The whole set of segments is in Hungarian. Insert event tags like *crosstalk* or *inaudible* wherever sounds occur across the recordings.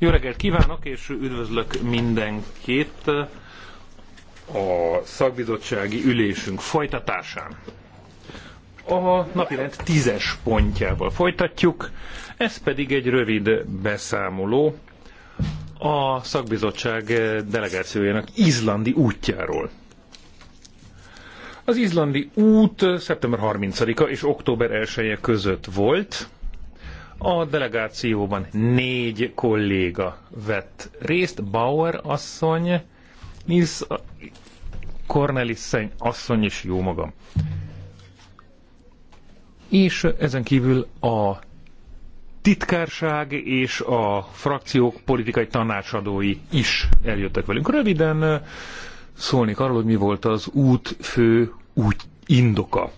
Jó reggelt kívánok, és üdvözlök mindenkit a szakbizottsági ülésünk folytatásán. A napirend tízes pontjával folytatjuk, ez pedig egy rövid beszámoló a szakbizottság delegációjának izlandi útjáról. Az izlandi út szeptember 30-a és október 1 -e között volt, a delegációban négy kolléga vett részt, Bauer asszony, Nils Cornelissen asszony és jó magam. És ezen kívül a titkárság és a frakciók politikai tanácsadói is eljöttek velünk. Röviden szólnék arról, hogy mi volt az út fő út indoka.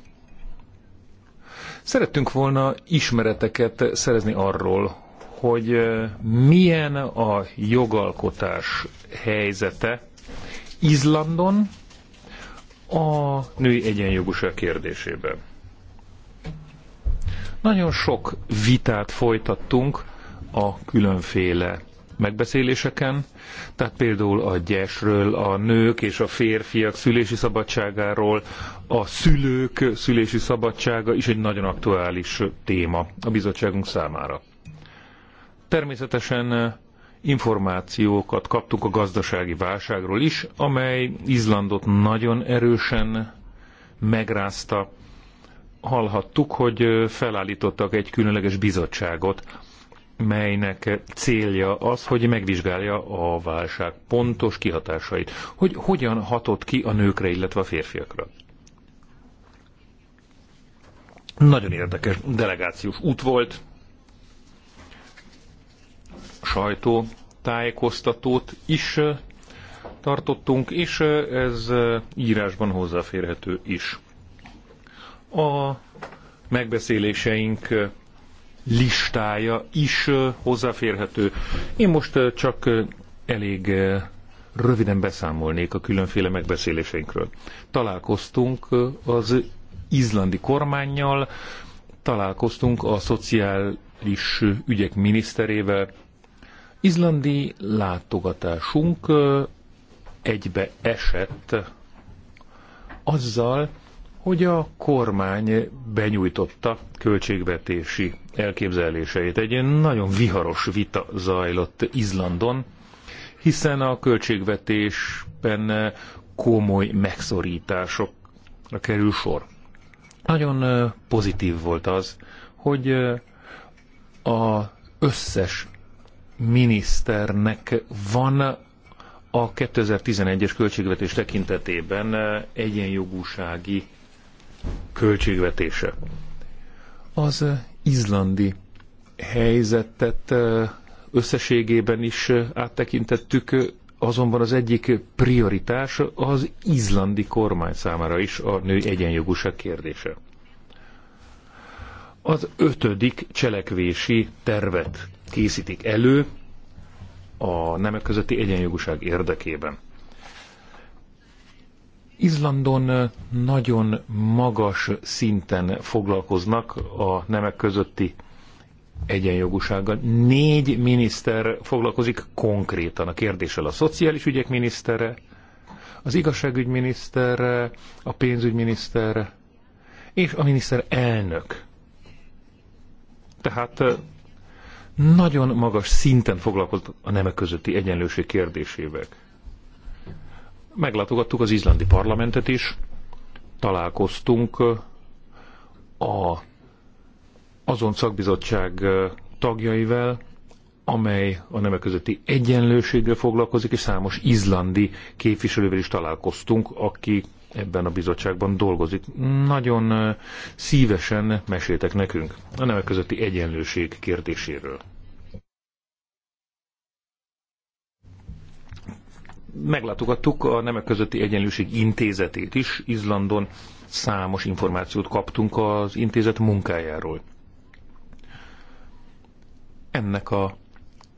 Szerettünk volna ismereteket szerezni arról, hogy milyen a jogalkotás helyzete Izlandon a női egyenjogúság kérdésében. Nagyon sok vitát folytattunk a különféle megbeszéléseken, tehát például a gyesről, a nők és a férfiak szülési szabadságáról, a szülők szülési szabadsága is egy nagyon aktuális téma a bizottságunk számára. Természetesen eh, információkat kaptuk a gazdasági válságról is, amely Izlandot nagyon erősen megrázta. Hallhattuk, hogy eh, felállítottak egy különleges bizottságot, melynek célja az, hogy megvizsgálja a válság pontos kihatásait, hogy hogyan hatott ki a nőkre, illetve a férfiakra. Nagyon érdekes delegációs út volt, sajtó tájékoztatót is tartottunk, és ez írásban hozzáférhető is. A megbeszéléseink listája is hozzáférhető. Én most csak elég röviden beszámolnék a különféle megbeszéléseinkről. Találkoztunk az izlandi kormányjal, találkoztunk a szociális ügyek miniszterével. Izlandi látogatásunk egybe esett azzal, hogy a kormány benyújtotta költségvetési elképzeléseit. Egy ilyen nagyon viharos vita zajlott Izlandon, hiszen a költségvetésben komoly megszorításokra kerül sor. Nagyon pozitív volt az, hogy a összes miniszternek van a 2011-es költségvetés tekintetében egyenjogúsági költségvetése. Az izlandi helyzetet összességében is áttekintettük, azonban az egyik prioritás az izlandi kormány számára is a nő egyenjogúság kérdése. Az ötödik cselekvési tervet készítik elő a nemek közötti egyenjogúság érdekében. Izlandon nagyon magas szinten foglalkoznak a nemek közötti egyenjogúsággal. Négy miniszter foglalkozik konkrétan a kérdéssel. A szociális ügyek minisztere, az igazságügyminiszter, a pénzügyminiszter és a miniszter elnök. Tehát nagyon magas szinten foglalkoznak a nemek közötti egyenlőség kérdésével meglátogattuk az izlandi parlamentet is, találkoztunk a, azon szakbizottság tagjaival, amely a nemek közötti egyenlőséggel foglalkozik, és számos izlandi képviselővel is találkoztunk, aki ebben a bizottságban dolgozik. Nagyon szívesen meséltek nekünk a nemek közötti egyenlőség kérdéséről. meglátogattuk a Nemek Közötti Egyenlőség Intézetét is. Izlandon számos információt kaptunk az intézet munkájáról. Ennek a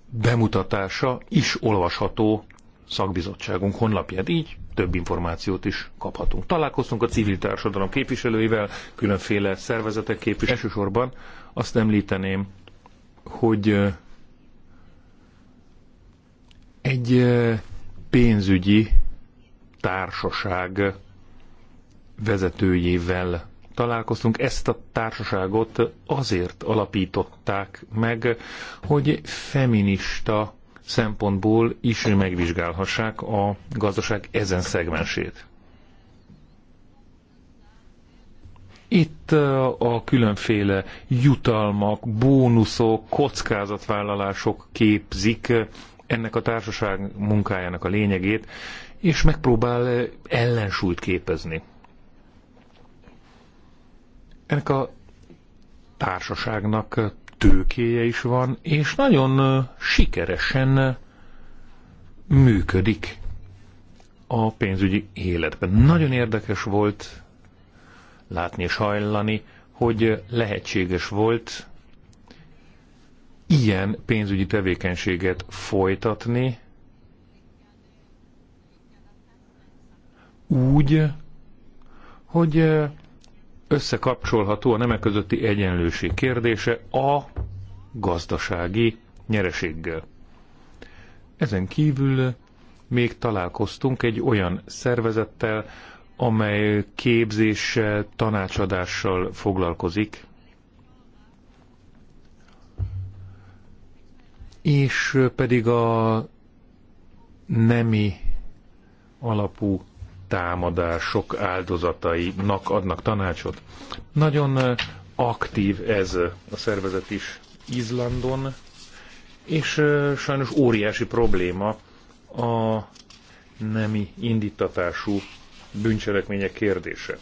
bemutatása is olvasható szakbizottságunk honlapját, így több információt is kaphatunk. Találkoztunk a civil társadalom képviselőivel, különféle szervezetek képviselőivel. Elsősorban azt említeném, hogy egy pénzügyi társaság vezetőjével találkoztunk. Ezt a társaságot azért alapították meg, hogy feminista szempontból is megvizsgálhassák a gazdaság ezen szegmensét. Itt a különféle jutalmak, bónuszok, kockázatvállalások képzik ennek a társaság munkájának a lényegét, és megpróbál eh, ellensúlyt képezni. Ennek a társaságnak eh, tőkéje is van, és nagyon eh, sikeresen működik a pénzügyi életben. Nagyon érdekes volt látni és hajlani, hogy lehetséges volt ilyen pénzügyi tevékenységet folytatni úgy, hogy eh, összekapcsolható a nemek közötti egyenlőség kérdése a gazdasági nyereséggel. Ezen kívül még találkoztunk egy olyan szervezettel, amely képzéssel, tanácsadással foglalkozik, és pedig a nemi alapú támadások áldozatainak adnak tanácsot. Nagyon aktív ez a szervezet is Izlandon, és sajnos óriási probléma a nemi indítatású bűncselekmények kérdése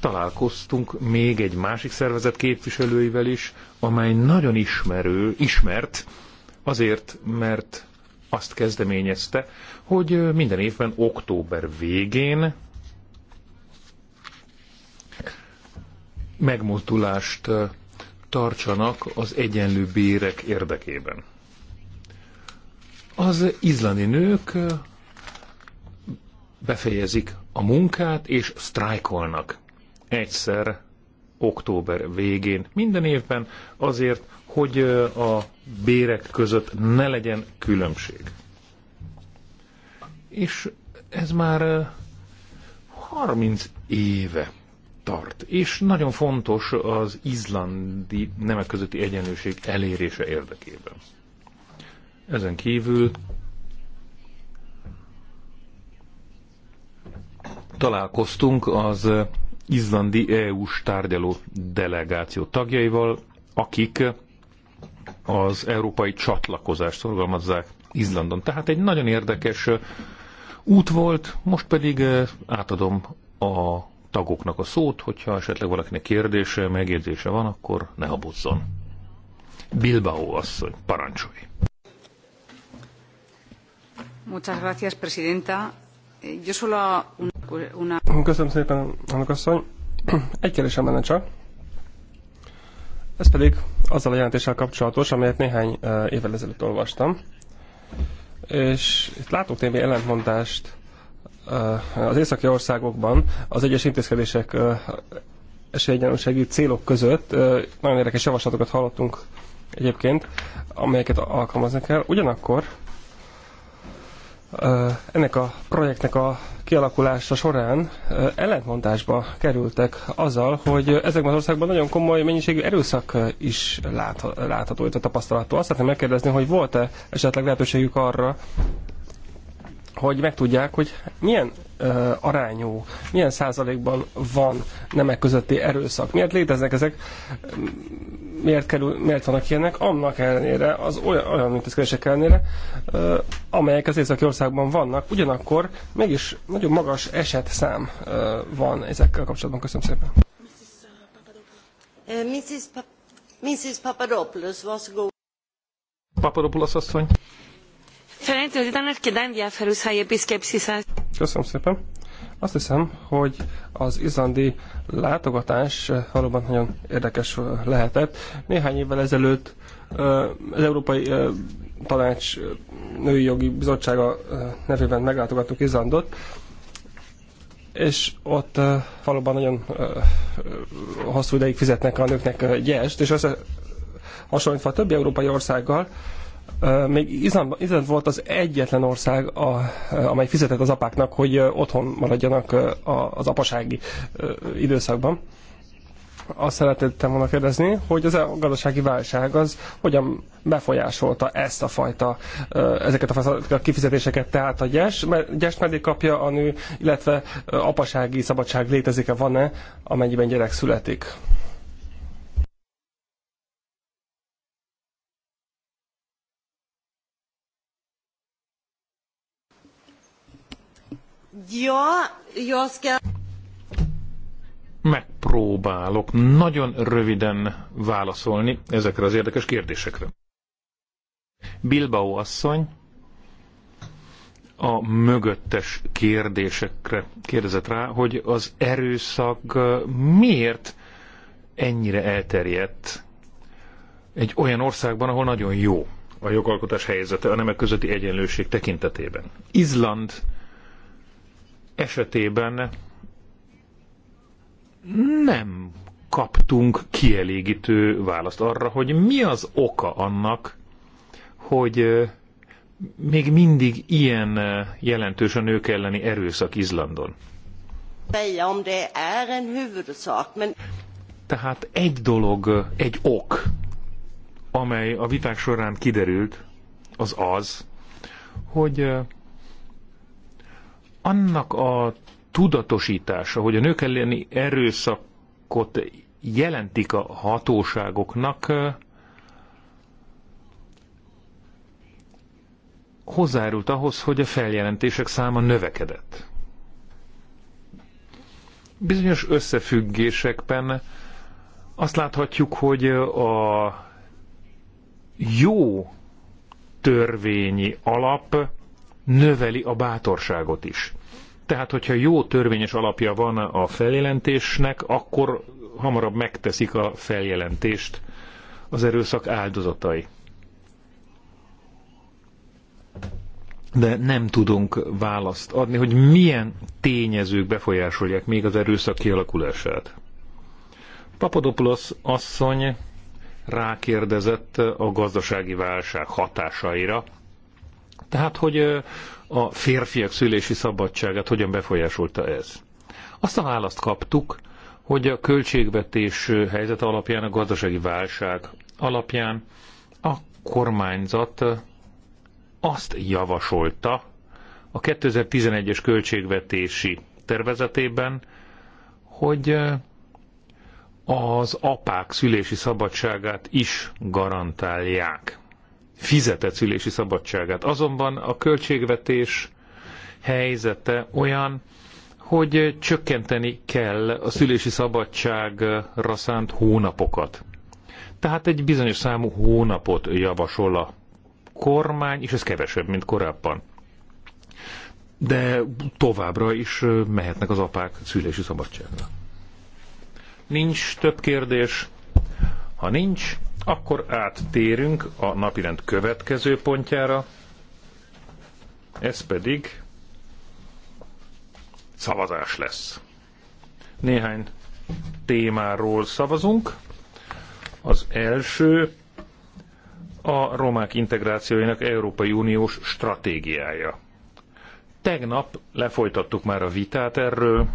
találkoztunk még egy másik szervezet képviselőivel is, amely nagyon ismerő, ismert, azért, mert azt kezdeményezte, hogy minden évben október végén megmozdulást tartsanak az egyenlő bérek érdekében. Az izlandi nők befejezik a munkát és sztrájkolnak egyszer október végén minden évben azért, hogy a bérek között ne legyen különbség. És ez már 30 éve tart, és nagyon fontos az izlandi nemek közötti egyenlőség elérése érdekében. Ezen kívül találkoztunk az izlandi EU-s tárgyaló delegáció tagjaival, akik az európai csatlakozást szorgalmazzák Izlandon. Tehát egy nagyon érdekes út volt, most pedig átadom a tagoknak a szót, hogyha esetleg valakinek kérdése, megjegyzése van, akkor ne habozzon. Bilbao asszony, parancsolj! Muchas gracias, presidenta. Yo solo... Köszönöm szépen, elnök asszony. Egy kérdésem lenne csak. Ez pedig azzal a jelentéssel kapcsolatos, amelyet néhány eh, évvel ezelőtt olvastam. És itt látok némi ellentmondást eh, az északi országokban az egyes intézkedések eh, esélyegyenlőségi célok között. Nagyon érdekes javaslatokat hallottunk egyébként, amelyeket alkalmazni kell. Ugyanakkor ennek a projektnek a kialakulása során ellentmondásba kerültek azzal, hogy ezekben az országban nagyon komoly mennyiségű erőszak is látható, illetve tapasztalható. Azt szeretném megkérdezni, hogy volt-e esetleg lehetőségük arra, hogy megtudják, hogy milyen uh, arányú, milyen százalékban van nemek közötti erőszak. Miért léteznek ezek, miért, kerül, miért vannak ilyenek, annak ellenére, az olyan, olyan intézkedések ellenére, uh, amelyek az északi országban vannak, ugyanakkor mégis nagyon magas esetszám uh, van ezekkel kapcsolatban. Köszönöm szépen. Eh, Mrs. Papadopoulos, Papadopoulos asszony. Φαίνεται ότι ήταν αρκετά ενδιαφέρουσα η Köszönöm szépen. Azt hiszem, hogy az izlandi látogatás eh, valóban nagyon érdekes eh, lehetett. Néhány évvel ezelőtt eh, az Európai Tanács Női Jogi Bizottsága nevében meglátogattuk Izlandot, és ott valóban nagyon hosszú ideig fizetnek a nőknek gyest, és össze hasonlítva a többi európai országgal, még Izland, Izland volt az egyetlen ország, a, amely fizetett az apáknak, hogy otthon maradjanak az apasági időszakban. Azt szeretettem volna kérdezni, hogy az e, a gazdasági válság az hogyan befolyásolta ezt a fajta, ezeket a kifizetéseket, tehát a mert gyest meddig kapja a nő, illetve apasági szabadság létezik-e, van-e, amennyiben gyerek születik. Ja, jag Megpróbálok nagyon röviden válaszolni ezekre az érdekes kérdésekre. Bilbao asszony a mögöttes kérdésekre kérdezett rá, hogy az erőszak miért ennyire elterjedt egy olyan országban, ahol nagyon jó a jogalkotás helyzete a nemek közötti egyenlőség tekintetében. Izland esetében nem kaptunk kielégítő választ arra, hogy mi az oka annak, hogy még mindig ilyen jelentős a nők elleni erőszak Izlandon. Er Tehát egy dolog, egy ok, amely a viták során kiderült, az az, hogy annak a tudatosítása, hogy a nők elleni erőszakot jelentik a hatóságoknak, hozzárult ahhoz, hogy a feljelentések száma növekedett. Bizonyos összefüggésekben azt láthatjuk, hogy a jó törvényi alap növeli a bátorságot is. Tehát, hogyha jó törvényes alapja van a feljelentésnek, akkor hamarabb megteszik a feljelentést az erőszak áldozatai. De nem tudunk választ adni, hogy milyen tényezők befolyásolják még az erőszak kialakulását. Papadopoulos asszony rákérdezett a gazdasági válság hatásaira tehát, hogy a férfiak szülési szabadságát hogyan befolyásolta ez. Azt a választ kaptuk, hogy a költségvetés helyzet alapján, a gazdasági válság alapján a kormányzat azt javasolta a 2011-es költségvetési tervezetében, hogy az apák szülési szabadságát is garantálják fizetett szülési szabadságát. Azonban a költségvetés helyzete olyan, hogy csökkenteni kell a szülési szabadságra szánt hónapokat. Tehát egy bizonyos számú hónapot javasol a kormány, és ez kevesebb, mint korábban. De továbbra is mehetnek az apák szülési szabadságra. Nincs több kérdés. Ha nincs, akkor áttérünk a napirend következő pontjára, ez pedig szavazás lesz. Néhány témáról szavazunk. Az első a romák integrációjának Európai Uniós stratégiája. Tegnap lefolytattuk már a vitát erről.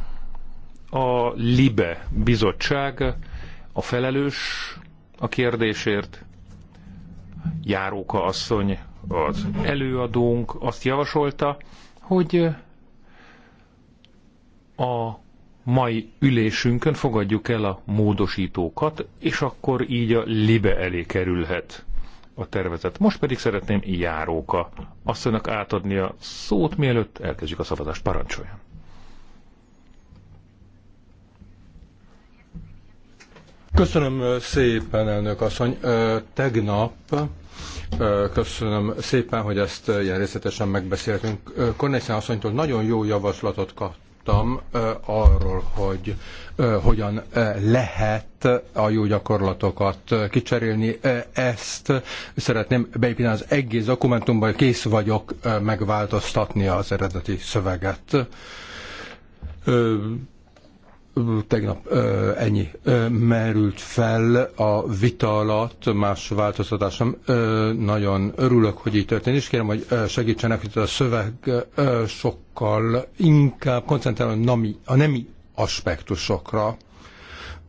A LIBE bizottság a felelős a kérdésért. Járóka asszony, az előadónk azt javasolta, hogy a mai ülésünkön fogadjuk el a módosítókat, és akkor így a libe elé kerülhet a tervezet. Most pedig szeretném Járóka asszonynak átadni a szót, mielőtt elkezdjük a szavazást. Parancsoljon! Köszönöm szépen, elnök asszony. Tegnap Köszönöm szépen, hogy ezt ilyen részletesen megbeszéltünk. Kornészen asszonytól nagyon jó javaslatot kaptam arról, hogy hogyan lehet a jó gyakorlatokat kicserélni. Ezt szeretném beépíteni az egész dokumentumban, kész vagyok megváltoztatni az eredeti szöveget tegnap ö, ennyi ö, merült fel a vita alatt, más változtatás nem. nagyon örülök, hogy így történt, és kérem, hogy segítsenek, hogy a szöveg ö, sokkal inkább koncentrál a, nemi aspektusokra.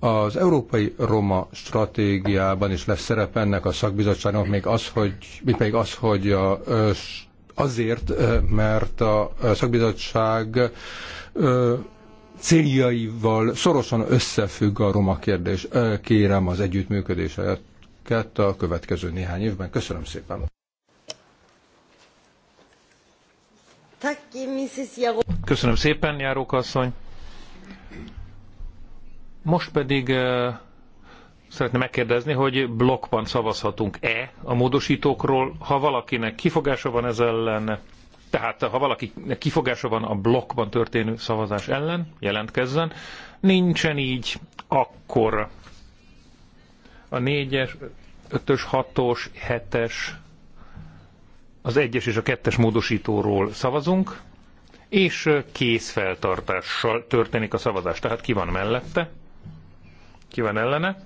Az Európai Roma stratégiában is lesz szerep ennek a szakbizottságnak, még az, hogy, mint pedig az, hogy a, azért, mert a szakbizottság céljaival szorosan összefügg a roma kérdés. Kérem az együttműködéseket a következő néhány évben. Köszönöm szépen! Köszönöm szépen, Járók asszony. Most pedig szeretném megkérdezni, hogy blokkban szavazhatunk-e a módosítókról, ha valakinek kifogása van ez ellen, tehát ha valakinek kifogása van a blokkban történő szavazás ellen, jelentkezzen. Nincsen így, akkor a 4-es, 5-ös, 6-os, 7-es, az 1-es és a 2-es módosítóról szavazunk, és kézfeltartással történik a szavazás. Tehát ki van mellette, ki van ellene.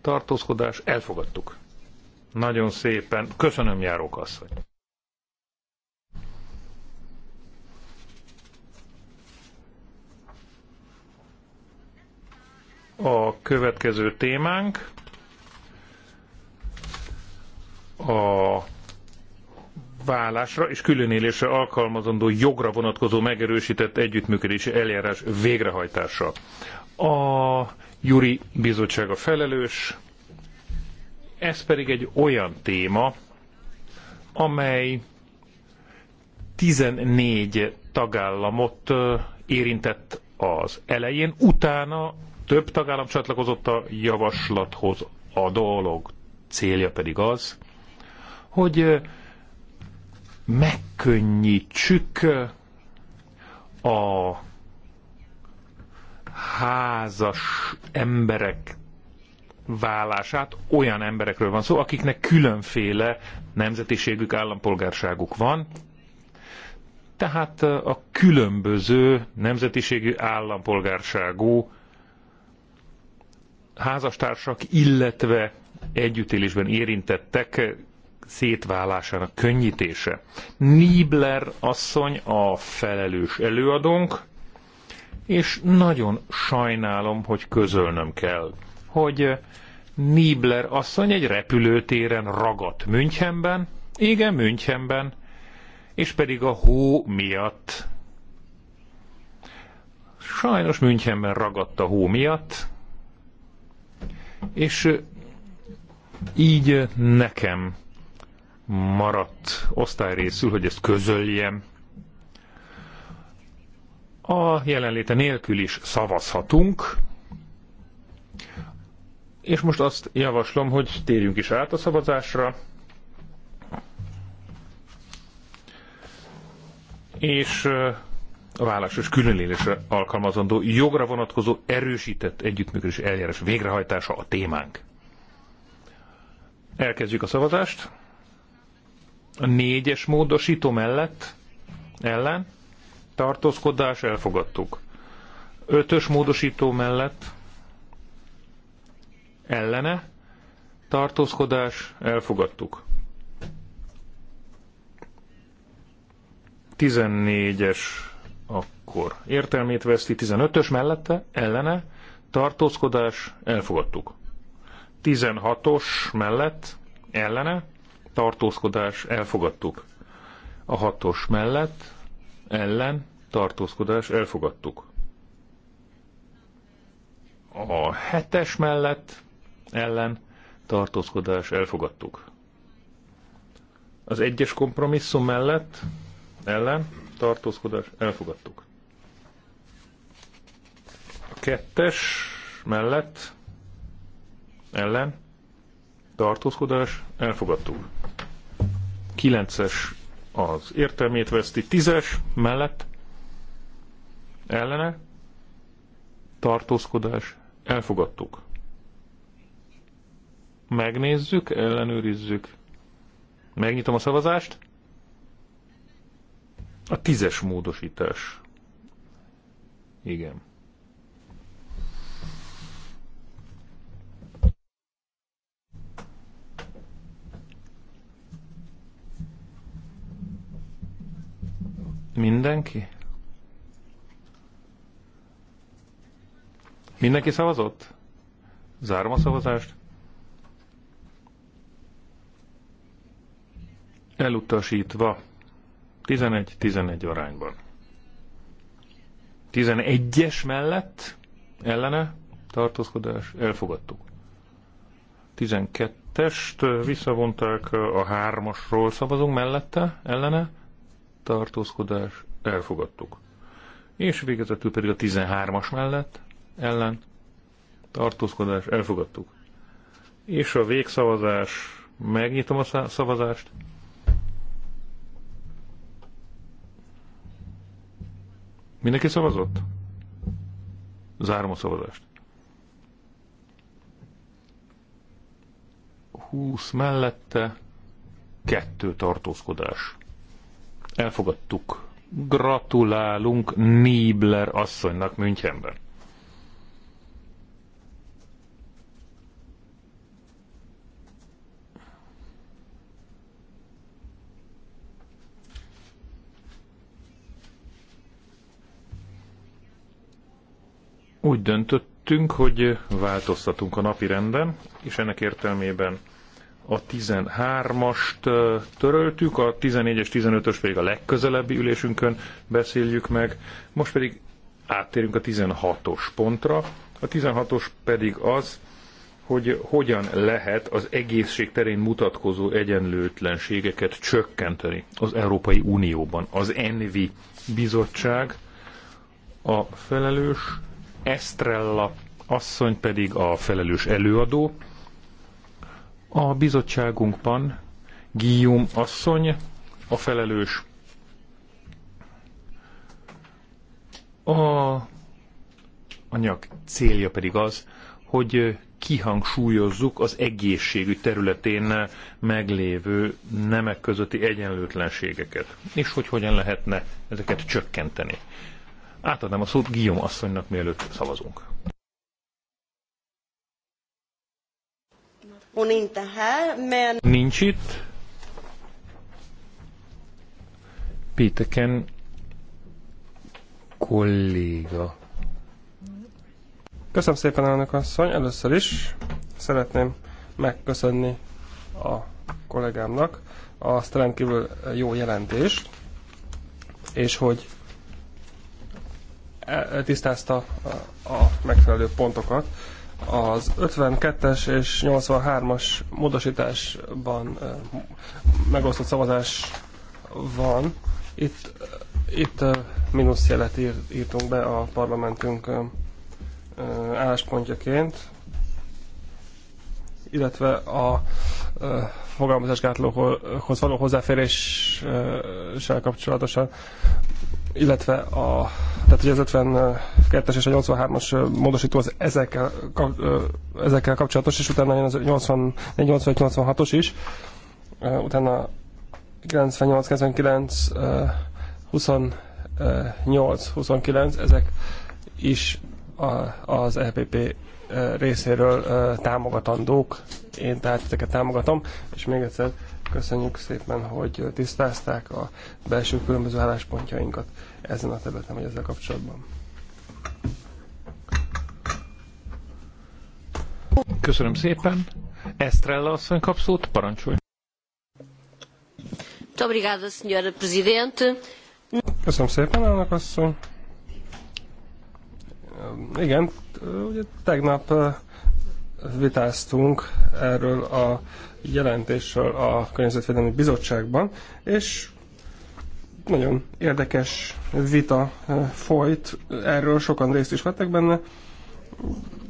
Tartózkodás, elfogadtuk. Nagyon szépen. Köszönöm, járók asszony. a következő témánk a vállásra és különélésre alkalmazandó jogra vonatkozó megerősített együttműködési eljárás végrehajtása. A Juri Bizottság a felelős, ez pedig egy olyan téma, amely 14 tagállamot érintett az elején, utána több tagállam csatlakozott a javaslathoz. A dolog célja pedig az, hogy megkönnyítsük a házas emberek válását, Olyan emberekről van szó, akiknek különféle nemzetiségük, állampolgárságuk van, tehát a különböző nemzetiségű állampolgárságú házastársak, illetve együttélésben érintettek szétválásának könnyítése. Niebler asszony a felelős előadónk, és nagyon sajnálom, hogy közölnöm kell, hogy Niebler asszony egy repülőtéren ragadt Münchenben, igen, Münchenben, és pedig a hó miatt. Sajnos Münchenben ragadt a hó miatt, és így nekem maradt osztályrészül, hogy ezt közöljem. A jelenléte nélkül is szavazhatunk, és most azt javaslom, hogy térjünk is át a szavazásra. És a vállásos különélésre alkalmazandó jogra vonatkozó erősített együttműködés eljárás végrehajtása a témánk. Elkezdjük a szavazást. A négyes módosító mellett ellen tartózkodás elfogadtuk. Ötös módosító mellett ellene tartózkodás elfogadtuk. 14-es akkor értelmét veszti, 15-ös mellette, ellene, tartózkodás, elfogadtuk. 16-os mellett, ellene, tartózkodás, elfogadtuk. A 6-os mellett, ellen, tartózkodás, elfogadtuk. A 7-es mellett, ellen, tartózkodás, elfogadtuk. Az egyes kompromisszum mellett, ellen, tartózkodás, elfogadtuk. A kettes mellett, ellen, tartózkodás, elfogadtuk. Kilences az értelmét veszti, tízes mellett, ellene, tartózkodás, elfogadtuk. Megnézzük, ellenőrizzük. Megnyitom a szavazást. A tízes módosítás. Igen. Mindenki? Mindenki szavazott? Zárom a szavazást. Elutasítva. 11-11 arányban. 11-es mellett ellene tartózkodás elfogadtuk. 12-est visszavonták a 3-asról szavazunk mellette ellene tartózkodás elfogadtuk. És végezetül pedig a 13-as mellett ellen tartózkodás elfogadtuk. És a végszavazás, megnyitom a szavazást, Mindenki szavazott? Zárom a szavazást. 20 mellette, kettő tartózkodás. Elfogadtuk. Gratulálunk Niebler asszonynak Münchenben. Úgy döntöttünk, hogy változtatunk a napi renden, és ennek értelmében a 13-ast töröltük, a 14-es, 15-ös pedig a legközelebbi ülésünkön beszéljük meg, most pedig áttérünk a 16-os pontra. A 16-os pedig az, hogy hogyan lehet az egészség terén mutatkozó egyenlőtlenségeket csökkenteni az Európai Unióban. Az ENVI bizottság a felelős, Estrella asszony pedig a felelős előadó. A bizottságunkban Guillaume asszony a felelős. A anyag célja pedig az, hogy kihangsúlyozzuk az egészségügy területén meglévő nemek közötti egyenlőtlenségeket, és hogy hogyan lehetne ezeket csökkenteni. Átadnám a szót Guillaume asszonynak, mielőtt szavazunk. Nincs itt. Péteken kolléga. Köszönöm szépen, elnök asszony. Először is szeretném megköszönni a kollégámnak azt rendkívül jó jelentést, és hogy tisztázta a megfelelő pontokat. Az 52-es és 83-as módosításban megosztott szavazás van. Itt, itt mínuszjelet írtunk be a parlamentünk álláspontjaként, illetve a fogalmazásgátlóhoz való hozzáféréssel kapcsolatosan illetve a, tehát az 52-es és a 83-as módosító az ezekkel, ezekkel kapcsolatos, és utána jön az 84 85 86-os is, utána 98, 99, 28, 29, ezek is a, az EPP részéről támogatandók, én tehát ezeket támogatom, és még egyszer Köszönjük szépen, hogy tisztázták a belső különböző álláspontjainkat ezen a területen, vagy ezzel kapcsolatban. Köszönöm szépen. Estrella asszony kap szót, parancsolj. Köszönöm szépen, elnök asszony. Igen, ugye tegnap vitáztunk erről a jelentésről a Környezetvédelmi Bizottságban, és nagyon érdekes vita eh, folyt, erről sokan részt is vettek benne,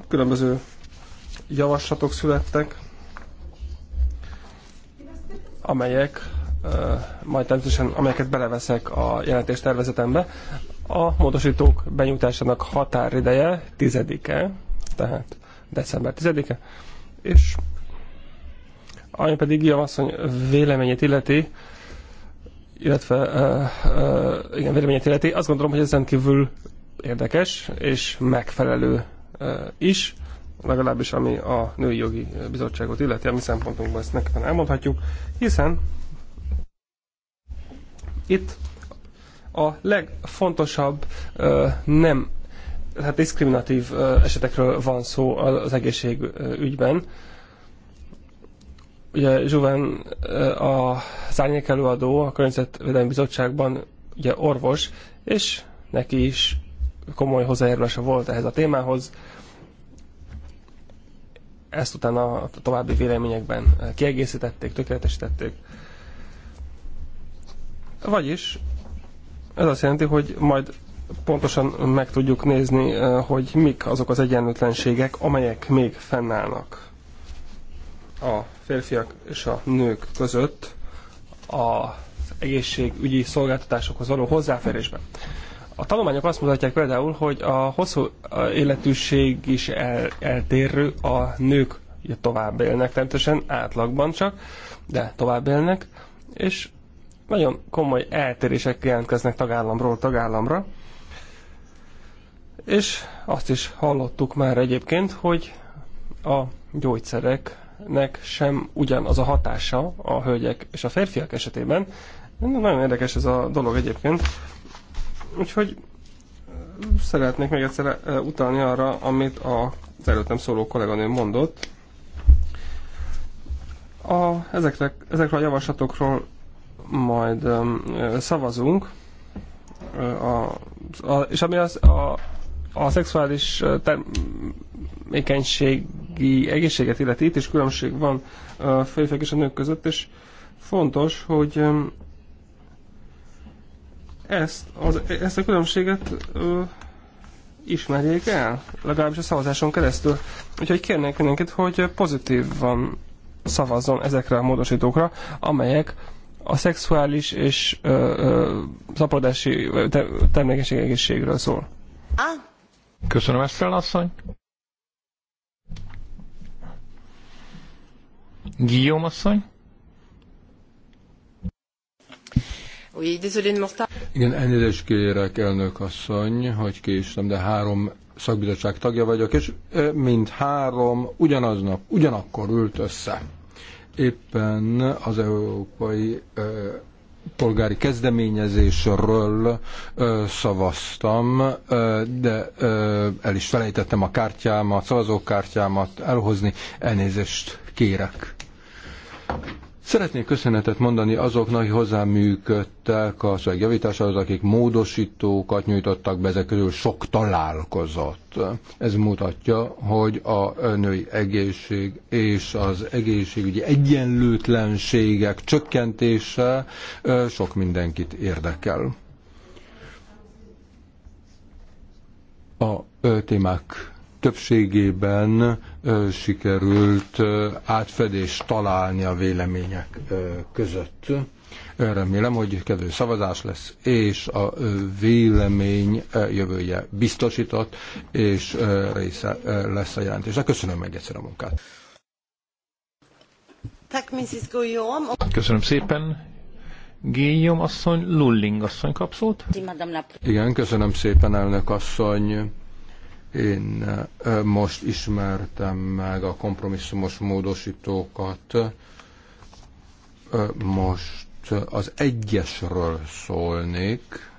különböző javaslatok születtek, amelyek eh, majd természetesen amelyeket beleveszek a jelentés tervezetembe. A módosítók benyújtásának határideje tizedike, tehát december 10-e, és ami pedig Guillaume asszony véleményét illeti, illetve uh, uh, igen, véleményét illeti, azt gondolom, hogy ez rendkívül érdekes és megfelelő uh, is, legalábbis ami a Női Jogi Bizottságot illeti, a mi szempontunkban ezt nekem elmondhatjuk, hiszen itt a legfontosabb uh, nem hát diszkriminatív esetekről van szó az egészségügyben. Ugye Zsuven a szárnyék előadó a Környezetvédelmi Bizottságban ugye orvos, és neki is komoly hozzájárulása volt ehhez a témához. Ezt utána a további véleményekben kiegészítették, tökéletesítették. Vagyis ez azt jelenti, hogy majd pontosan meg tudjuk nézni, eh, hogy mik azok az egyenlőtlenségek, amelyek még fennállnak a férfiak és a nők között az egészségügyi szolgáltatásokhoz való hozzáférésben. A tanulmányok azt mutatják például, hogy a hosszú eh, életűség is el, eltérő, a nők tovább élnek természetesen, átlagban csak, de tovább élnek, és nagyon komoly eltérések jelentkeznek tagállamról tagállamra. És azt is hallottuk már egyébként, hogy a gyógyszereknek sem ugyanaz a hatása a hölgyek és a férfiak esetében. Nagyon érdekes ez a dolog egyébként. Úgyhogy szeretnék még egyszer utalni arra, amit az előttem szóló kolléganő mondott. A, ezekre, ezekről a javaslatokról majd um, szavazunk, a, a, és ami az, a a szexuális termékenységi egészséget illeti, itt is különbség van a férfiak és a nők között, és fontos, hogy ezt, az, ezt a különbséget ö, ismerjék el, legalábbis a szavazáson keresztül. Úgyhogy kérnék mindenkit, hogy pozitívan szavazzon ezekre a módosítókra, amelyek a szexuális és ö, ö, szaporodási termékenység egészségről szól. Ah. Köszönöm, Eszter asszony. Guillaume asszony. Igen, elnézést kérek, elnök asszony, hogy késtem, de három szakbizottság tagja vagyok, és mind három ugyanaznap, ugyanakkor ült össze. Éppen az Európai polgári kezdeményezésről szavaztam, de el is felejtettem a kártyámat, szavazókártyámat elhozni, elnézést kérek. Szeretnék köszönetet mondani azoknak, akik működtek a szövegjavításához, akik módosítókat nyújtottak be, ezek közül sok találkozott. Ez mutatja, hogy a női egészség és az egészségügyi egyenlőtlenségek csökkentése sok mindenkit érdekel. A témák többségében sikerült átfedést találni a vélemények között. Remélem, hogy kedvő szavazás lesz, és a vélemény jövője biztosított, és része lesz a jelentésre. Köszönöm még egyszer a munkát. Köszönöm szépen. Géjom asszony, Lulling asszony kapszót. Igen, köszönöm szépen, elnök asszony. Én most ismertem meg a kompromisszumos módosítókat. Most az egyesről szólnék.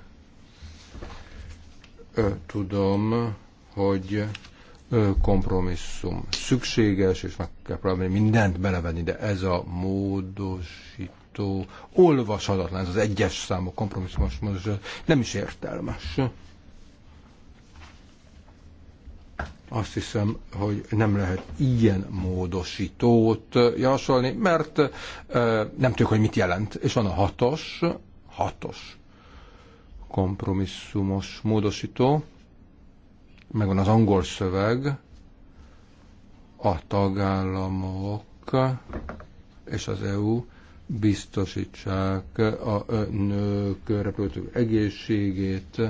Tudom, hogy kompromisszum szükséges, és meg kell próbálni mindent belevenni, de ez a módosító olvashatatlan, ez az egyes számú kompromisszumos módosító nem is értelmes. Azt hiszem, hogy nem lehet ilyen módosítót javasolni, mert nem tudjuk, hogy mit jelent. És van a hatos, hatos kompromisszumos módosító, meg van az angol szöveg, a tagállamok és az EU biztosítsák a nők reproduktív egészségét,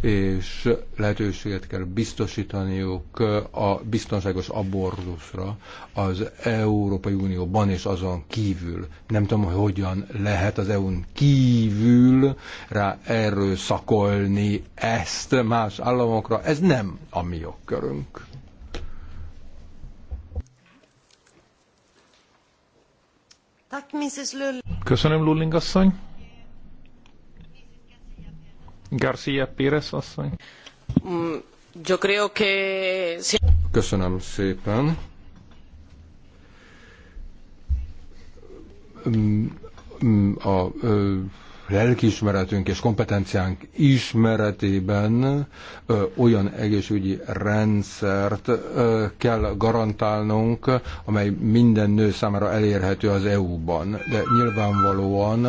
és lehetőséget kell biztosítaniuk a biztonságos abortuszra az Európai Unióban és azon kívül. Nem tudom, hogy hogyan lehet az EU-n kívül rá erőszakolni ezt más államokra. Ez nem a mi jogkörünk. Köszönöm, Lulling asszony. García Pérez asszony. Mm, yo creo que... Köszönöm szépen. Mm, mm, a, a, a lelkiismeretünk és kompetenciánk ismeretében ö, olyan egészségügyi rendszert ö, kell garantálnunk, amely minden nő számára elérhető az EU-ban. De nyilvánvalóan,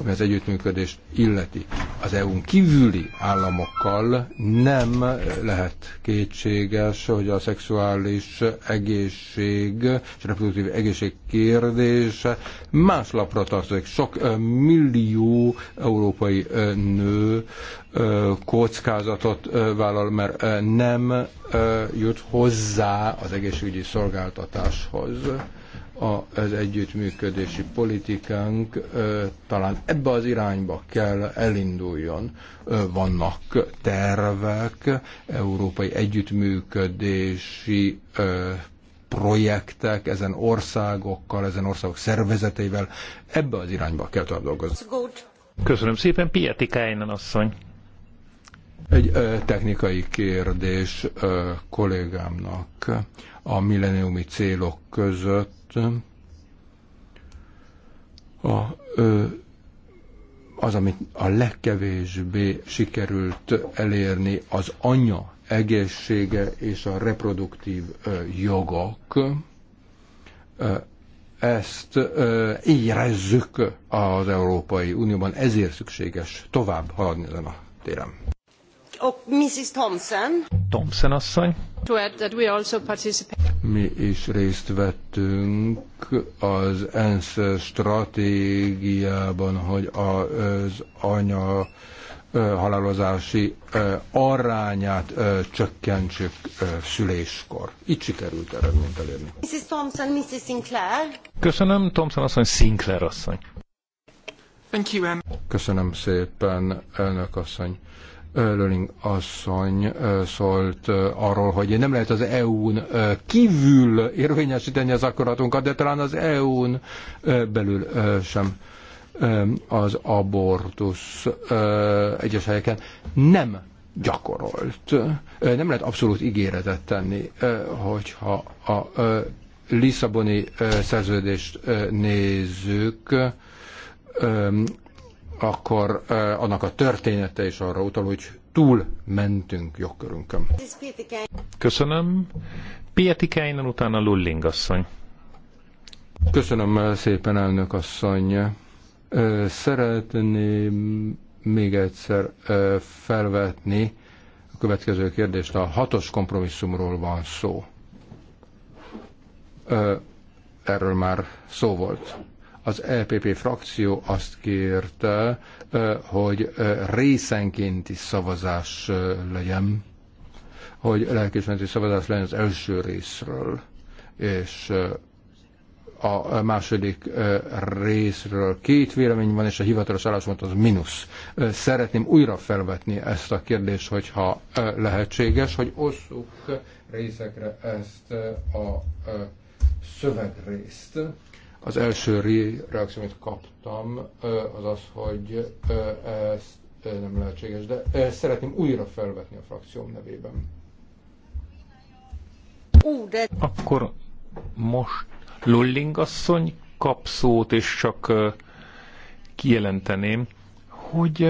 ami az együttműködést illeti, az EU-n kívüli államokkal nem lehet kétséges, hogy a szexuális egészség és reproduktív egészség kérdése más lapra tartozik. Sok millió európai nő kockázatot vállal, mert nem jut hozzá az egészségügyi szolgáltatáshoz az együttműködési politikánk talán ebbe az irányba kell elinduljon. Vannak tervek, európai együttműködési projektek ezen országokkal, ezen országok szervezeteivel. Ebbe az irányba kell tovább dolgozni. Köszönöm szépen, Pieti Kájnan asszony. Egy ö, technikai kérdés ö, kollégámnak a milleniumi célok között. A, ö, az, amit a legkevésbé sikerült elérni, az anya egészsége és a reproduktív jogok ezt érezzük az Európai Unióban, ezért szükséges tovább haladni ezen a téren. Mrs. Thompson. Thompson asszony. Mi is részt vettünk az ENSZ stratégiában, hogy az anya halálozási arányát csökkentsük szüléskor. Itt sikerült eredményt elérni. Mrs. Thompson, Mrs. Sinclair. Köszönöm, Thompson asszony, Sinclair asszony. Thank you, Köszönöm szépen, elnök asszony. Lölling asszony szólt arról, hogy nem lehet az EU-n kívül érvényesíteni az akaratunkat, de talán az EU-n belül sem az abortusz egyes helyeken nem gyakorolt. Nem lehet abszolút ígéretet tenni, hogyha a Lisszaboni szerződést nézzük, akkor annak a története is arra utal, hogy túl mentünk jogkörünkön. Köszönöm. Pietikáinen utána Lulling asszony. Köszönöm szépen, elnök asszony. Szeretném még egyszer felvetni a következő kérdést. A hatos kompromisszumról van szó. Erről már szó volt. Az EPP frakció azt kérte, hogy részenkénti szavazás legyen, hogy lelkismereti szavazás legyen az első részről, és a második részről két vélemény van, és a hivatalos álláspont az mínusz. Szeretném újra felvetni ezt a kérdést, hogyha lehetséges, hogy osszuk részekre ezt a szövegrészt. Az első reakció, amit kaptam, az az, hogy ez nem lehetséges, de szeretném újra felvetni a frakcióm nevében. Akkor most Lulling asszony kap szót, és csak kijelenteném, hogy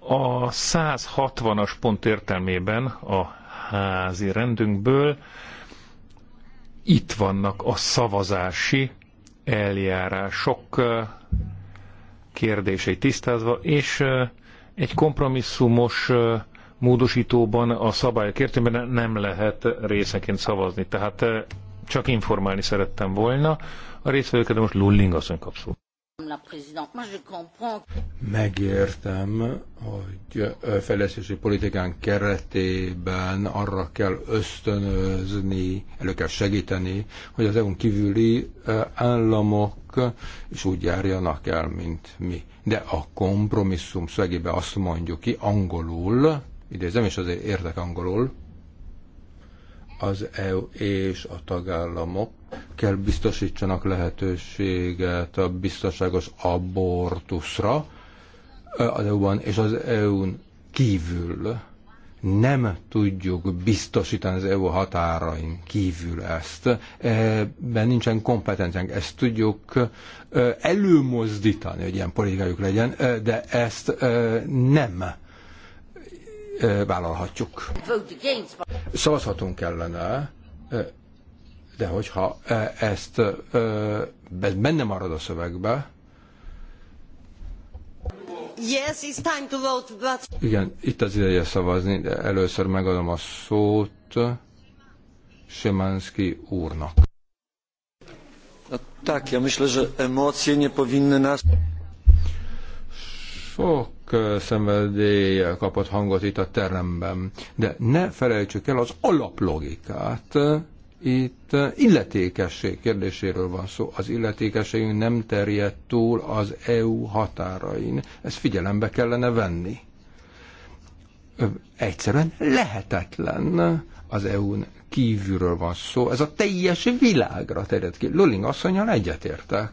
a 160-as pont értelmében a házi rendünkből itt vannak a szavazási eljárások kérdései tisztázva, és egy kompromisszumos módosítóban a szabályok értelmében nem lehet részeként szavazni. Tehát csak informálni szerettem volna. A részvevőket most Lulling asszony kapszul. Megértem, hogy fejlesztési politikán keretében arra kell ösztönözni, elő kell segíteni, hogy az EU-n kívüli államok is úgy járjanak el, mint mi. De a kompromisszum szegébe azt mondjuk ki angolul, idézem, és azért értek angolul, az EU és a tagállamok kell biztosítsanak lehetőséget a biztonságos abortuszra az EU-ban és az EU-n kívül. Nem tudjuk biztosítani az EU határain kívül ezt. Ebben nincsen kompetenciánk. Ezt tudjuk előmozdítani, hogy ilyen politikájuk legyen, de ezt nem vállalhatjuk. Szavazhatunk ellene, de hogyha ezt benne marad a szövegbe, Yes, it's time to vote, but... Igen, itt az ideje szavazni, de először megadom a szót Szymanski úrnak. No, tak, ja myślę, że emocje nie powinny nas... Sok szenvedély kapott hangot itt a teremben. De ne felejtsük el az alaplogikát, eh, itt eh, illetékesség kérdéséről van szó. Az illetékességünk nem terjed túl az EU határain. Ezt figyelembe kellene venni. Egyszerűen lehetetlen az EU-n kívülről van szó, ez a teljes világra terjed ki. Lulling asszonyjal egyetértek,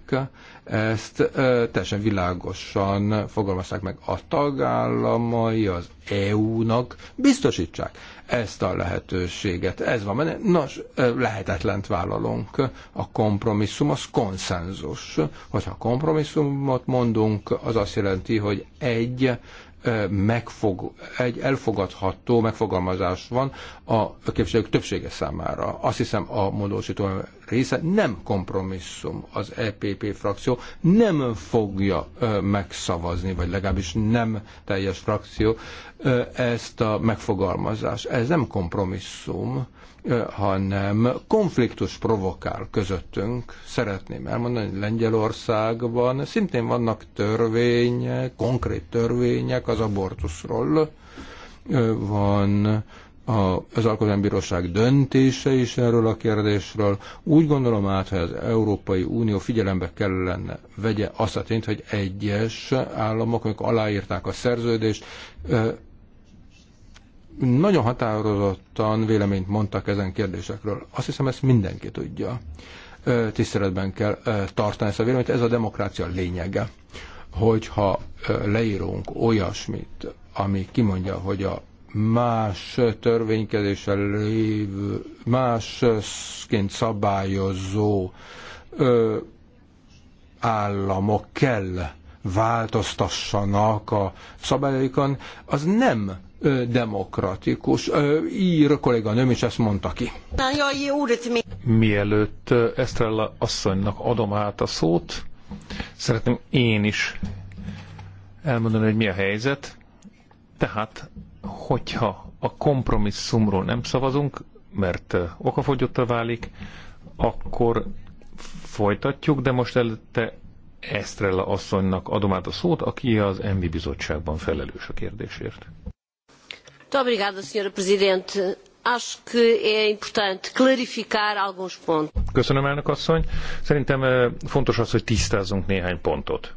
ezt e, teljesen világosan fogalmazták meg a tagállamai, az EU-nak, biztosítsák ezt a lehetőséget. Ez van benne. Nos, lehetetlent vállalunk. A kompromisszum az konszenzus. Hogyha kompromisszumot mondunk, az azt jelenti, hogy egy megfog, egy elfogadható megfogalmazás van a képviselők többsége számára. Azt hiszem a módosító része nem kompromisszum. Az EPP frakció nem fogja megszavazni, vagy legalábbis nem teljes frakció ezt a megfogalmazást. Ez nem kompromisszum, hanem konfliktus provokál közöttünk. Szeretném elmondani, hogy Lengyelországban szintén vannak törvények, konkrét törvények az abortuszról. Van a, az Alkotmánybíróság döntése is erről a kérdésről. Úgy gondolom át, hogy az Európai Unió figyelembe kellene vegye azt a tényt, hogy egyes államok, amik aláírták a szerződést, nagyon határozottan véleményt mondtak ezen kérdésekről. Azt hiszem, ezt mindenki tudja. Tiszteletben kell tartani ezt a véleményt. Ez a demokrácia lényege. Hogyha leírunk olyasmit, ami kimondja, hogy a más törvénykezéssel lévő, másként szabályozó ö, államok kell változtassanak a szabályaikon, az nem ö, demokratikus. Ö, ír kolléganőm is ezt mondta ki. Mielőtt Estrella asszonynak adom át a szót, szeretném én is elmondani, hogy mi a helyzet. Tehát hogyha a kompromisszumról nem szavazunk, mert okafogyottá válik, akkor folytatjuk, de most előtte Estrella asszonynak adom át a szót, aki az MB bizottságban felelős a kérdésért. Köszönöm, elnök asszony. Szerintem fontos az, hogy tisztázzunk néhány pontot.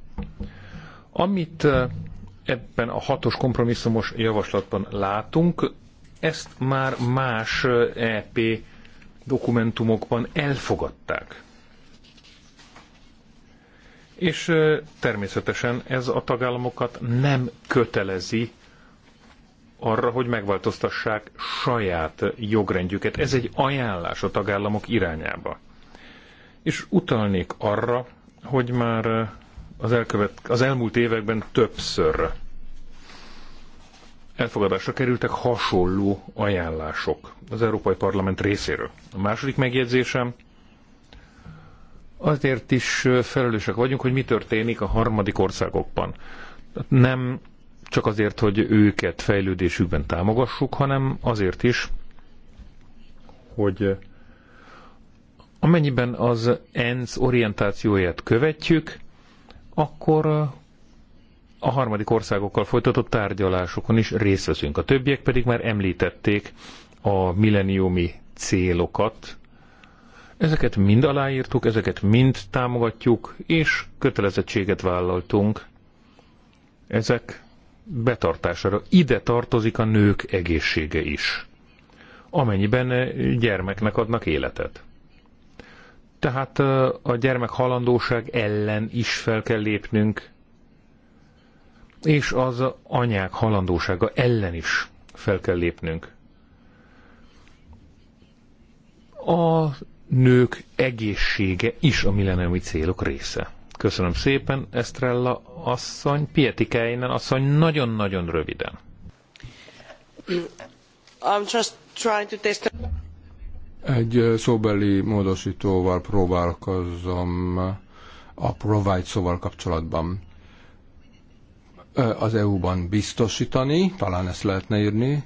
Amit ebben a hatos kompromisszumos javaslatban látunk, ezt már más EP eh, e dokumentumokban elfogadták. És eh, természetesen ez a tagállamokat nem kötelezi arra, hogy megváltoztassák saját jogrendjüket. Ez egy ajánlás a tagállamok irányába. És utalnék arra, hogy már eh, az, elkövet, az elmúlt években többször elfogadásra kerültek hasonló ajánlások az Európai Parlament részéről. A második megjegyzésem, azért is felelősek vagyunk, hogy mi történik a harmadik országokban. Nem csak azért, hogy őket fejlődésükben támogassuk, hanem azért is, hogy amennyiben az ENSZ orientációját követjük, akkor eh, a harmadik országokkal folytatott tárgyalásokon is részt veszünk. A többiek pedig már említették a milleniumi célokat. Ezeket mind aláírtuk, ezeket mind támogatjuk, és kötelezettséget vállaltunk. Ezek betartására. Ide tartozik a nők egészsége is, amennyiben gyermeknek adnak életet. Tehát a gyermek halandóság ellen is fel kell lépnünk, és az anyák halandósága ellen is fel kell lépnünk. A nők egészsége is a millenniumi célok része. Köszönöm szépen, Estrella asszony, Pietikeinen asszony, nagyon-nagyon röviden. I'm just trying to test... Egy szóbeli módosítóval próbálkozom a provide szóval kapcsolatban. Az EU-ban biztosítani, talán ezt lehetne írni,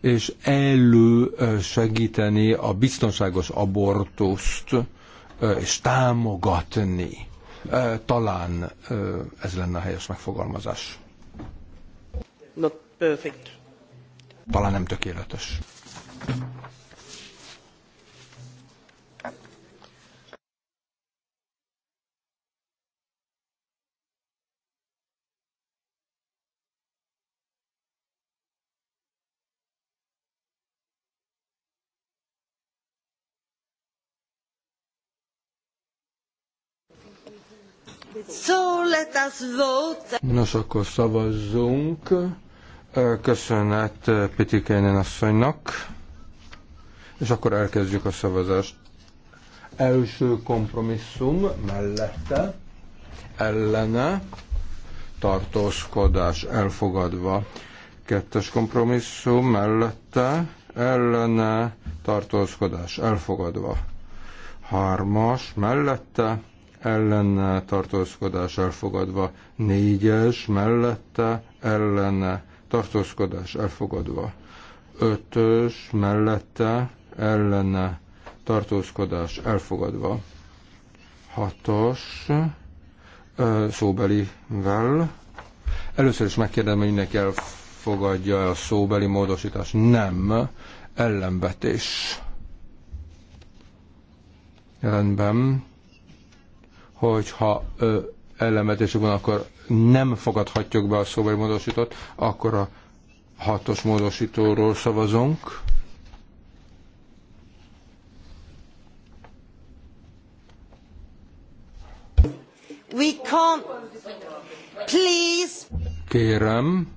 és elősegíteni a biztonságos abortuszt, és támogatni. Talán ez lenne a helyes megfogalmazás. Not perfect. Talán nem tökéletes. So let us vote. Nos, akkor szavazzunk. Köszönet Pitikeinen asszonynak. És akkor elkezdjük a szavazást. Első kompromisszum mellette, ellene, tartózkodás elfogadva. Kettes kompromisszum mellette, ellene, tartózkodás elfogadva. Hármas mellette, ellene tartózkodás elfogadva, négyes mellette ellene tartózkodás elfogadva, ötös mellette ellene tartózkodás elfogadva, hatos szóbelivel. Először is megkérdem, hogy mindenki elfogadja a szóbeli módosítás. Nem, ellenbetés. Rendben hogyha ö, ellenvetésük van, akkor nem fogadhatjuk be a szóbeli módosítót, akkor a hatos módosítóról szavazunk. We can't... Please. Kérem.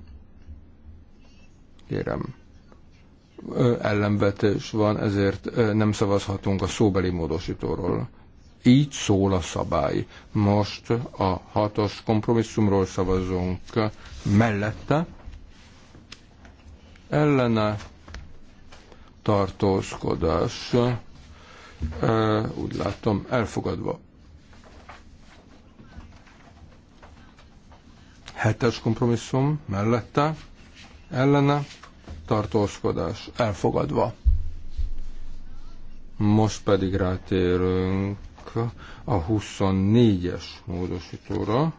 Kérem. Ö, ellenvetés van, ezért ö, nem szavazhatunk a szóbeli módosítóról. Így szól a szabály. Most a hatos kompromisszumról szavazunk mellette. Ellene tartózkodás. Úgy látom, elfogadva. Hetes kompromisszum mellette. Ellene tartózkodás. Elfogadva. Most pedig rátérünk a 24-es módosítóra.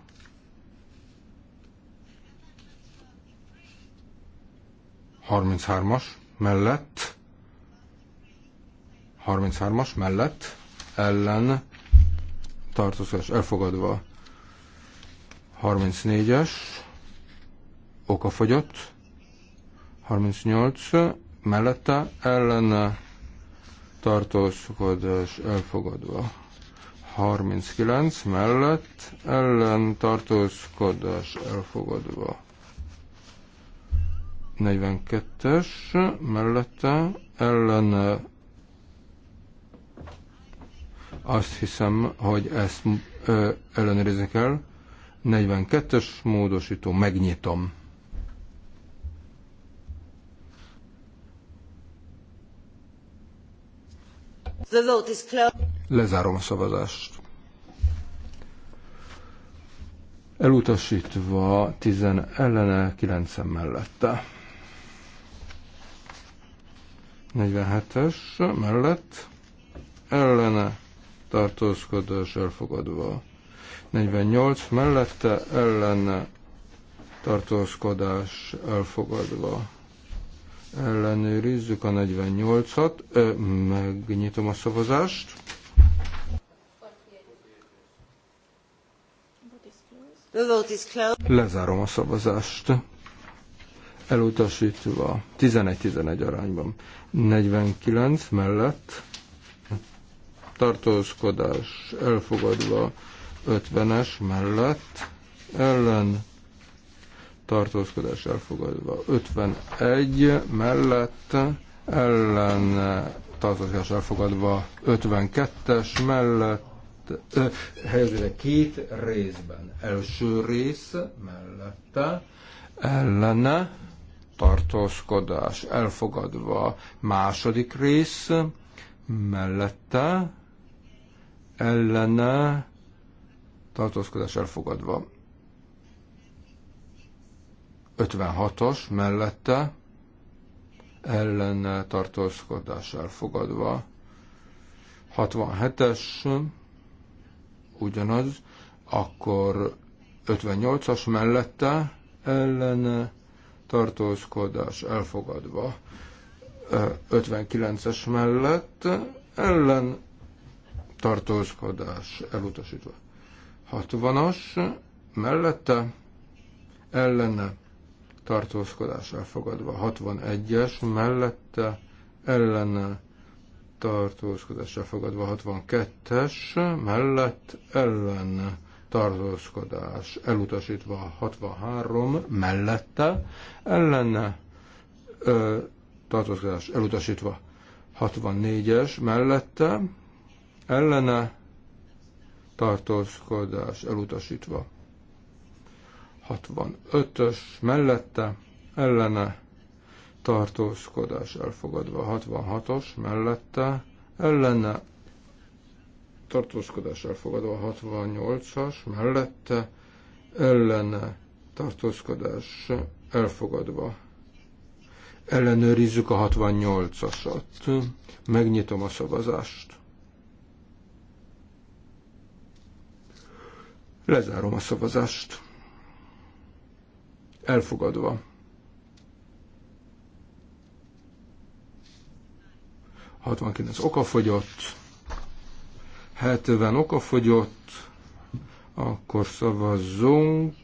Harminchármas mellett, 33-as mellett ellen tartozás elfogadva 34-es fogyott 38 mellette ellen tartózkodás elfogadva 39 mellett ellen tartózkodás elfogadva. 42-es mellette ellen azt hiszem, hogy ezt ellenőrizni kell. 42-es módosító, megnyitom. The vote is closed. Lezárom a szavazást. Elutasítva 10 ellene, 9 mellette. 47-es mellett ellene tartózkodás elfogadva. 48 mellette ellene tartózkodás elfogadva. Ellenőrizzük a 48-at. Megnyitom a szavazást. Lezárom a szavazást. Elutasítva 11-11 arányban. 49 mellett tartózkodás elfogadva 50-es mellett ellen tartózkodás elfogadva. 51 mellett ellen tartózkodás elfogadva. 52-es mellett helyezőre két részben. Első rész mellette ellene tartózkodás elfogadva. Második rész mellette ellene tartózkodás elfogadva. 56-os mellette ellen tartózkodás elfogadva. 67-es ugyanaz, akkor 58-as mellette ellen tartózkodás elfogadva. 59-es mellett ellen tartózkodás elutasítva. 60-as mellette ellene tartózkodással fogadva 61-es mellette ellene tartózkodással fogadva 62-es mellett ellene tartózkodás elutasítva. 63 mellette ellene ö, tartózkodás elutasítva. 64-es mellette ellene tartózkodás elutasítva. 65-ös mellette ellene tartózkodás elfogadva. 66-os mellette ellene tartózkodás elfogadva. 68-as mellette ellene tartózkodás elfogadva. Ellenőrizzük a 68-asat. Megnyitom a szavazást. Lezárom a szavazást. Elfogadva. Hatvankilenc okafogyott, 70 okafogyott, akkor szavazzunk.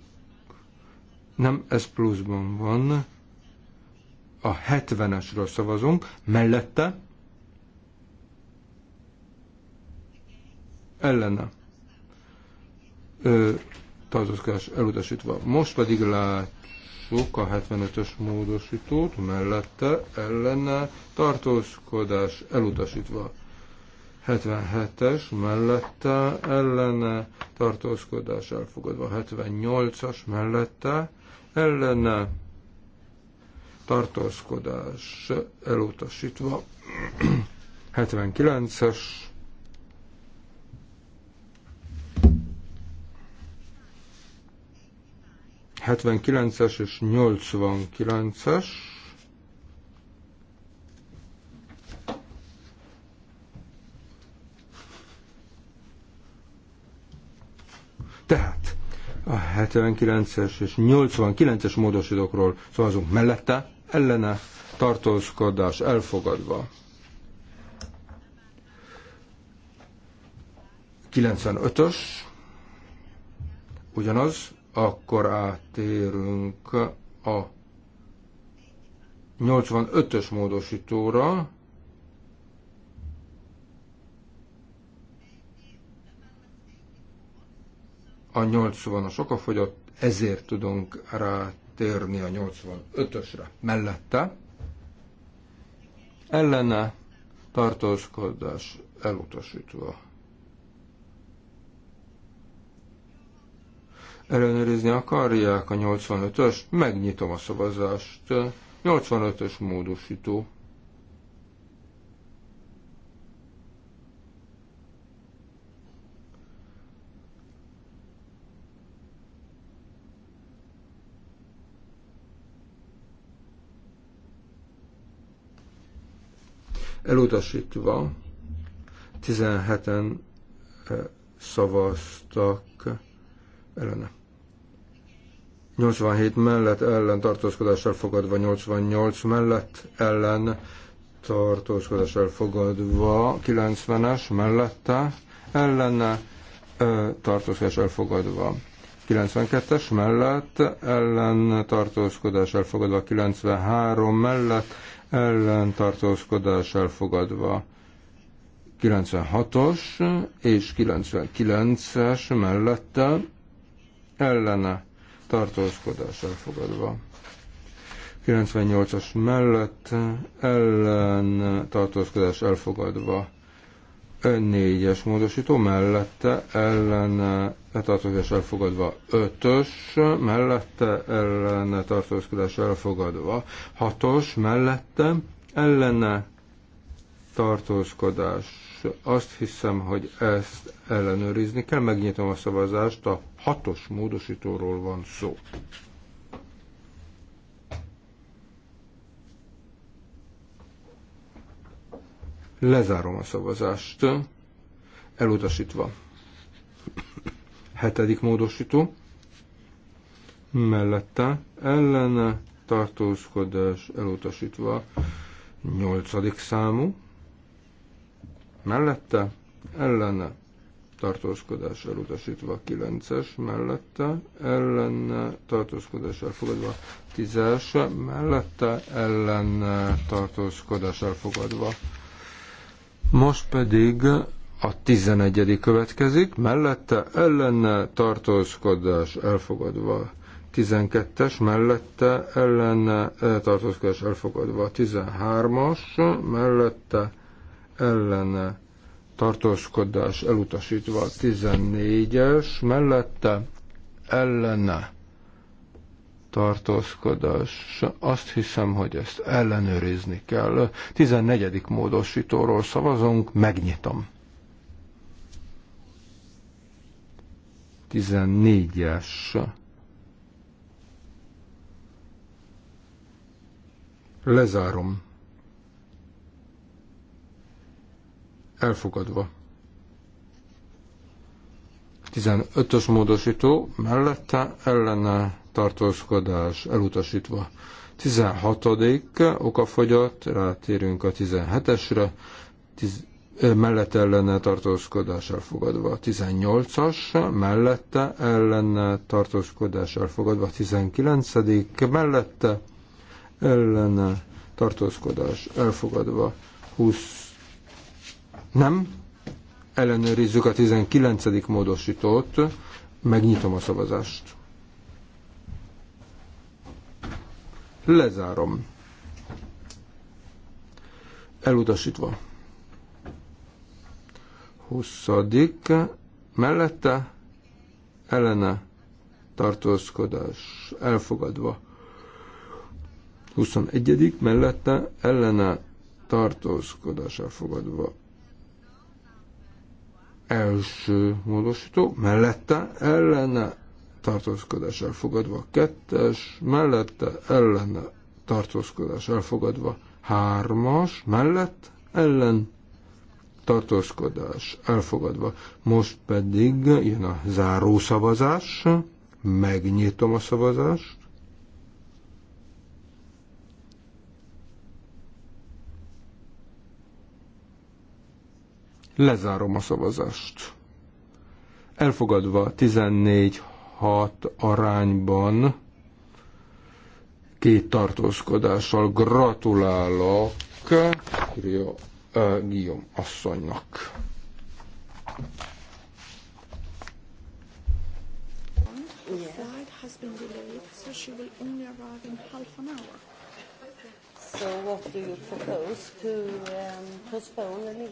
Nem, ez pluszban van. A 70-esről szavazunk, mellette ellene. Ö, tartózkodás elutasítva. Most pedig lássuk a 75-ös módosítót, mellette ellene tartózkodás elutasítva. 77-es mellette ellene tartózkodás elfogadva. 78-as mellette ellene tartózkodás elutasítva. 79-es *clears throat* 79-es és 89-es. Tehát a 79-es és 89-es módosítókról szavazunk mellette, ellene tartózkodás elfogadva. 95-ös, ugyanaz, akkor átérünk a 85-ös módosítóra. A 80-as okafogyott, ezért tudunk rátérni a 85-ösre mellette. Ellene tartózkodás elutasítva. ellenőrizni akarják a 85-ös, megnyitom a szavazást. 85-ös módosító. Elutasítva 17-en eh, szavaztak ellene. 87 mellett ellen tartózkodással fogadva, 88 mellett ellen tartózkodással fogadva, 90-es mellette, ellen tartózkodással fogadva. 92-es mellett, ellen tartózkodás elfogadva, 93 mellett, ellen tartózkodás elfogadva. 96-os és 99-es mellette, ellene tartózkodással fogadva 98-as mellett ellen tartózkodás elfogadva. 4-es módosító mellette ellen tartózkodás elfogadva. 5-ös mellette ellen tartózkodás elfogadva. 6-os mellette ellene tartózkodás azt hiszem, hogy ezt ellenőrizni kell. Megnyitom a szavazást, a hatos módosítóról van szó. Lezárom a szavazást, elutasítva. Hetedik módosító, mellette ellene tartózkodás elutasítva, nyolcadik számú, mellette, ellene tartózkodás elutasítva 9-es mellette, ellene tartózkodás elfogadva 10-es mellette, ellene tartózkodás elfogadva. Most pedig a 11. következik, mellette ellene tartózkodás elfogadva 12-es, mellette ellene tartózkodás elfogadva 13-as, mellette ellene tartózkodás elutasítva 14-es, mellette ellene tartózkodás. Azt hiszem, hogy ezt ellenőrizni kell. 14. módosítóról szavazunk, megnyitom. 14-es. Lezárom. elfogadva. 15-ös módosító mellette ellene tartózkodás elutasítva. 16. okafogyat, rátérünk a 17-esre, mellette ellene tartózkodás elfogadva. 18-as, mellette ellene tartózkodás elfogadva. 19. mellette ellene tartózkodás elfogadva. 20 nem. Ellenőrizzük a 19. módosítót. Megnyitom a szavazást. Lezárom. Elutasítva. 20. Mellette ellene tartózkodás elfogadva. 21. mellette ellene tartózkodás elfogadva első módosító, mellette ellene tartózkodás elfogadva, kettes, mellette ellene tartózkodás elfogadva, hármas, mellett ellen tartózkodás elfogadva. Most pedig jön a zárószavazás, megnyitom a szavazást, Lezárom a szavazást. Elfogadva 14-6 arányban két tartózkodással gratulálok Kriya uh, Guillaume asszonynak. So what do you propose to um, postpone the meeting?